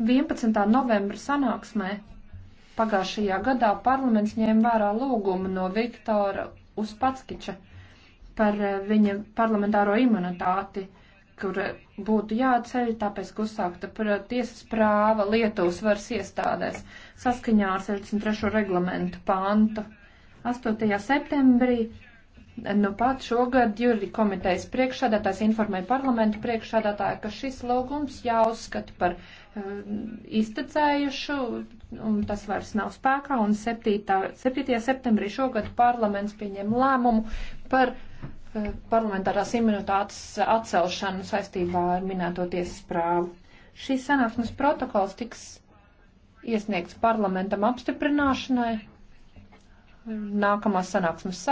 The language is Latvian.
11. novembra sanāksmē pagājušajā gadā parlaments ņēma vērā lūgumu no Viktora Uspackiča par eh, viņa parlamentāro imunitāti, kur eh, būtu jāceļ, tāpēc, ka uzsākta tiesas prāva Lietuvas varas iestādēs saskaņā ar 63. reglamentu pāntu. 8. septembrī Nu pat šogad jūri komitejas priekšsādātājs informēja parlamentu priekšsādātāju, ka šis lūgums jāuzskata par uh, iztecējušu, un tas vairs nav spēkā, un 7. 7. septembrī šogad parlaments pieņem lēmumu par uh, parlamentārās imunitātes atcelšanu saistībā ar minēto tiesas prāvu. Šīs sanāksmes protokols tiks iesniegts parlamentam apstiprināšanai nākamās sanāksmes sākumā.